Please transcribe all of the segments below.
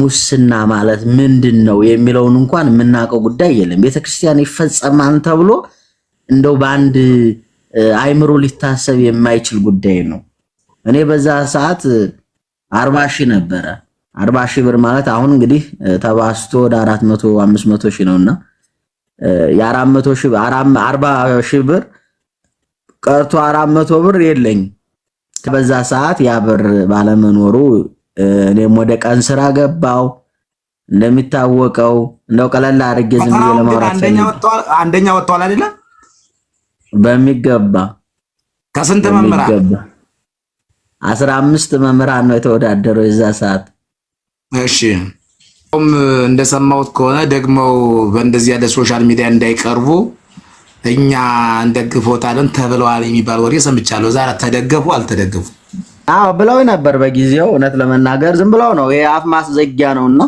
ሙስና ማለት ምንድን ነው የሚለውን እንኳን የምናውቀው ጉዳይ የለም። ቤተክርስቲያን ይፈጸማል ተብሎ እንደው በአንድ አይምሮ ሊታሰብ የማይችል ጉዳይ ነው። እኔ በዛ ሰዓት አርባ ሺህ ነበረ። አርባ ሺህ ብር ማለት አሁን እንግዲህ ተባስቶ ወደ አራት መቶ አምስት መቶ ሺህ ነውና የአራት መቶ ሺህ አርባ ሺህ ብር ቀርቶ አራት መቶ ብር የለኝ። በዛ ሰዓት ያ ብር ባለመኖሩ እኔም ወደ ቀን ስራ ገባው። እንደሚታወቀው እንደው ቀለል አድርጌ ዝም ብዬ ለማውራት አንደኛ ወጥቷል አይደለ? በሚገባ ከስንት መምህራን አስራ አምስት መምህራን ነው የተወዳደረው የዛ ሰዓት። እሺ ም እንደሰማሁት ከሆነ ደግመው በእንደዚህ ያለ ሶሻል ሚዲያ እንዳይቀርቡ እኛ እንደግፎታለን ተብለዋል የሚባል ወሬ ሰምቻለሁ። ዛሬ ተደገፉ አልተደገፉ አዎ ብለው ነበር በጊዜው። እውነት ለመናገር ዝም ብለው ነው የአፍ ማስዘጊያ ነውና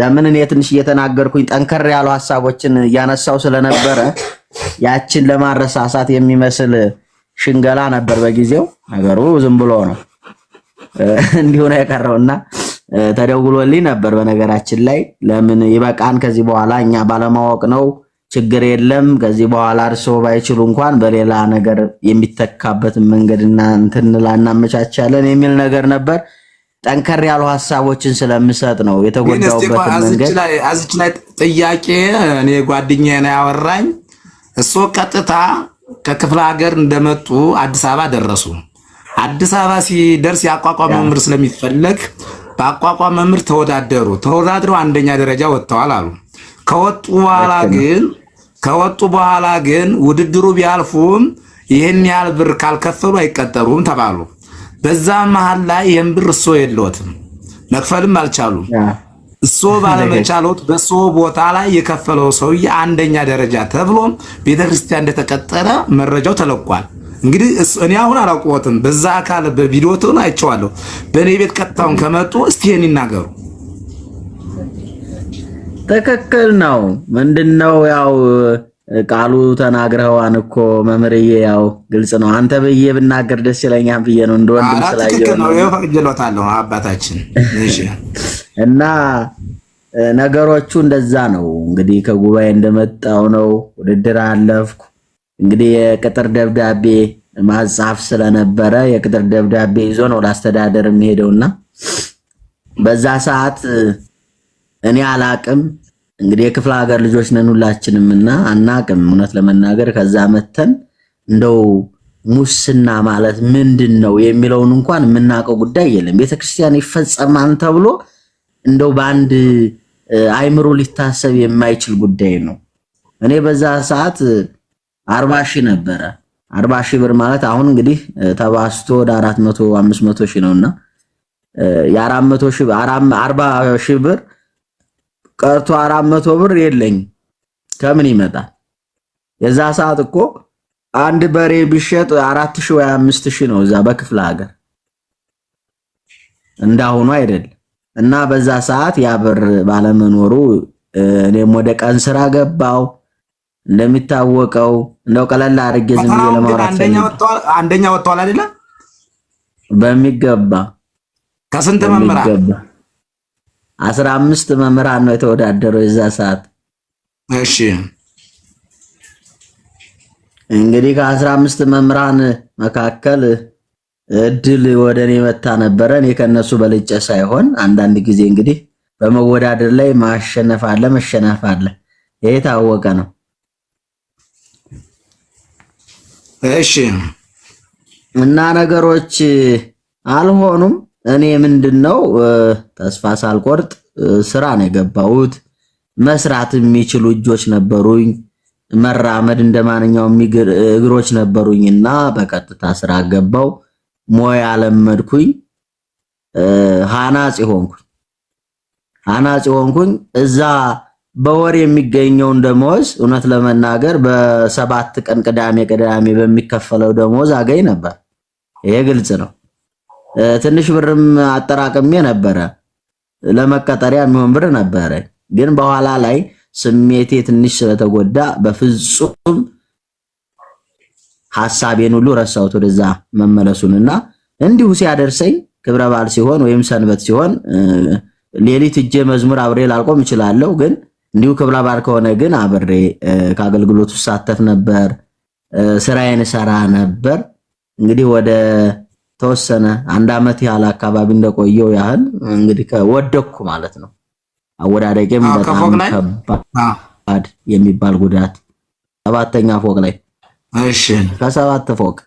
ለምን እኔ ትንሽ እየተናገርኩኝ ጠንከር ያሉ ሀሳቦችን እያነሳው ስለነበረ ያችን ለማረሳሳት የሚመስል ሽንገላ ነበር በጊዜው። ነገሩ ዝም ብሎ ነው እንዲሁ ነው የቀረውና ተደውሎልኝ ነበር። በነገራችን ላይ ለምን ይበቃን ከዚህ በኋላ እኛ ባለማወቅ ነው ችግር የለም። ከዚህ በኋላ እርስዎ ባይችሉ እንኳን በሌላ ነገር የሚተካበት መንገድ እንትን እናመቻቻለን የሚል ነገር ነበር። ጠንከር ያሉ ሀሳቦችን ስለምሰጥ ነው የተጎዳውበት መንገድ። አዚች ላይ ጥያቄ እኔ ጓደኛዬ ነው ያወራኝ። እሱ ቀጥታ ከክፍለ ሀገር እንደመጡ አዲስ አበባ ደረሱ። አዲስ አበባ ሲደርስ የአቋቋም መምህር ስለሚፈለግ በአቋቋም መምህር ተወዳደሩ። ተወዳድረው አንደኛ ደረጃ ወጥተዋል አሉ ከወጡ በኋላ ግን ከወጡ በኋላ ግን ውድድሩ ቢያልፉም ይህን ያህል ብር ካልከፈሉ አይቀጠሩም ተባሉ። በዛ መሀል ላይ ይህን ብር እሶ የለትም መክፈልም አልቻሉም። እሶ ባለመቻሎት በሶ ቦታ ላይ የከፈለው ሰውዬ አንደኛ ደረጃ ተብሎ ቤተክርስቲያን እንደተቀጠረ መረጃው ተለቋል። እንግዲህ እኔ አሁን አላውቅዎትም። በዛ አካል በቪዲዮ አይቼዋለሁ። በእኔ ቤት ቀጥታውን ከመጡ እስቲ ይህን ይናገሩ። ትክክል ነው። ምንድነው ያው ቃሉ ተናግረዋን እኮ መምህርዬ፣ ያው ግልጽ ነው። አንተ ብዬ ብናገር ደስ ይለኛል ብዬ ነው እንደ ወንድም ነው አባታችን። እና ነገሮቹ እንደዛ ነው እንግዲህ ከጉባኤ እንደመጣው ነው። ውድድር አለፍኩ እንግዲህ የቅጥር ደብዳቤ ማጻፍ ስለነበረ የቅጥር ደብዳቤ ይዞ ነው ለአስተዳደር የሚሄደውና በዛ ሰዓት እኔ አላቅም። እንግዲህ የክፍለ ሀገር ልጆች ነን ሁላችንም እና አናቅም። እውነት ለመናገር ከዛ መተን እንደው ሙስና ማለት ምንድን ነው የሚለውን እንኳን የምናውቀው ጉዳይ የለም። ቤተክርስቲያን ይፈጸማን ተብሎ እንደው በአንድ አይምሮ ሊታሰብ የማይችል ጉዳይ ነው። እኔ በዛ ሰዓት አርባ ሺህ ነበረ። አርባ ሺህ ብር ማለት አሁን እንግዲህ ተባስቶ ወደ አራት መቶ አምስት መቶ ሺህ ነውና የአራት መቶ ሺህ አርባ ሺህ ብር ቀርቶ አራት መቶ ብር የለኝ ከምን ይመጣል? የዛ ሰዓት እኮ አንድ በሬ ቢሸጥ አራት ሺህ ወይ አምስት ሺህ ነው እዛ በክፍለ ሀገር እንዳሁኑ አይደል። እና በዛ ሰዓት ያ ብር ባለመኖሩ እኔም ወደ ቀን ስራ ገባው። እንደሚታወቀው እንደው ቀለል አድርጌ ዝም ብዬ ለማውራት አንደኛ ወጥቷል አይደለ? በሚገባ ከስንት መምህራን አስራ አምስት መምህራን ነው የተወዳደረው የዛ ሰዓት። እሺ እንግዲህ ከአስራ አምስት መምህራን መካከል እድል ወደ እኔ መታ ነበረ። እኔ ከነሱ በልጨ ሳይሆን አንዳንድ ጊዜ እንግዲህ በመወዳደር ላይ ማሸነፍ አለ መሸነፍ አለ። ይሄ ታወቀ ነው። እሺ እና ነገሮች አልሆኑም። እኔ ምንድን ነው ተስፋ ሳልቆርጥ ስራ ነው የገባሁት። መስራት የሚችሉ እጆች ነበሩኝ፣ መራመድ እንደማንኛውም እግሮች ነበሩኝና በቀጥታ ስራ ገባው። ሞያ ለመድኩኝ፣ ሐናጺ ሆንኩኝ። ሐናጺ ሆንኩኝ። እዛ በወር የሚገኘውን ደሞዝ እውነት ለመናገር በሰባት ቀን ቅዳሜ ቅዳሜ በሚከፈለው ደሞዝ አገኝ ነበር። ይሄ ግልጽ ነው። ትንሽ ብርም አጠራቅሜ ነበረ ለመቀጠሪያ የሚሆን ብር ነበረ። ግን በኋላ ላይ ስሜቴ ትንሽ ስለተጎዳ በፍጹም ሐሳቤን ሁሉ ረሳሁት ወደዛ መመለሱንና እንዲሁ ሲያደርሰኝ ክብረ በዓል ሲሆን ወይም ሰንበት ሲሆን ሌሊት እጄ መዝሙር አብሬ ላልቆም እችላለሁ። ግን እንዲሁ ክብረ በዓል ከሆነ ግን አብሬ ከአገልግሎቱ እሳተፍ ነበር፣ ስራዬን እሰራ ነበር። እንግዲህ ወደ ተወሰነ አንድ አመት ያህል አካባቢ እንደቆየው ያህል እንግዲህ ከወደኩ ማለት ነው። አወዳደቄም በጣም ከባድ የሚባል ጉዳት ሰባተኛ ፎቅ ላይ እሺ፣ ከሰባት ፎቅ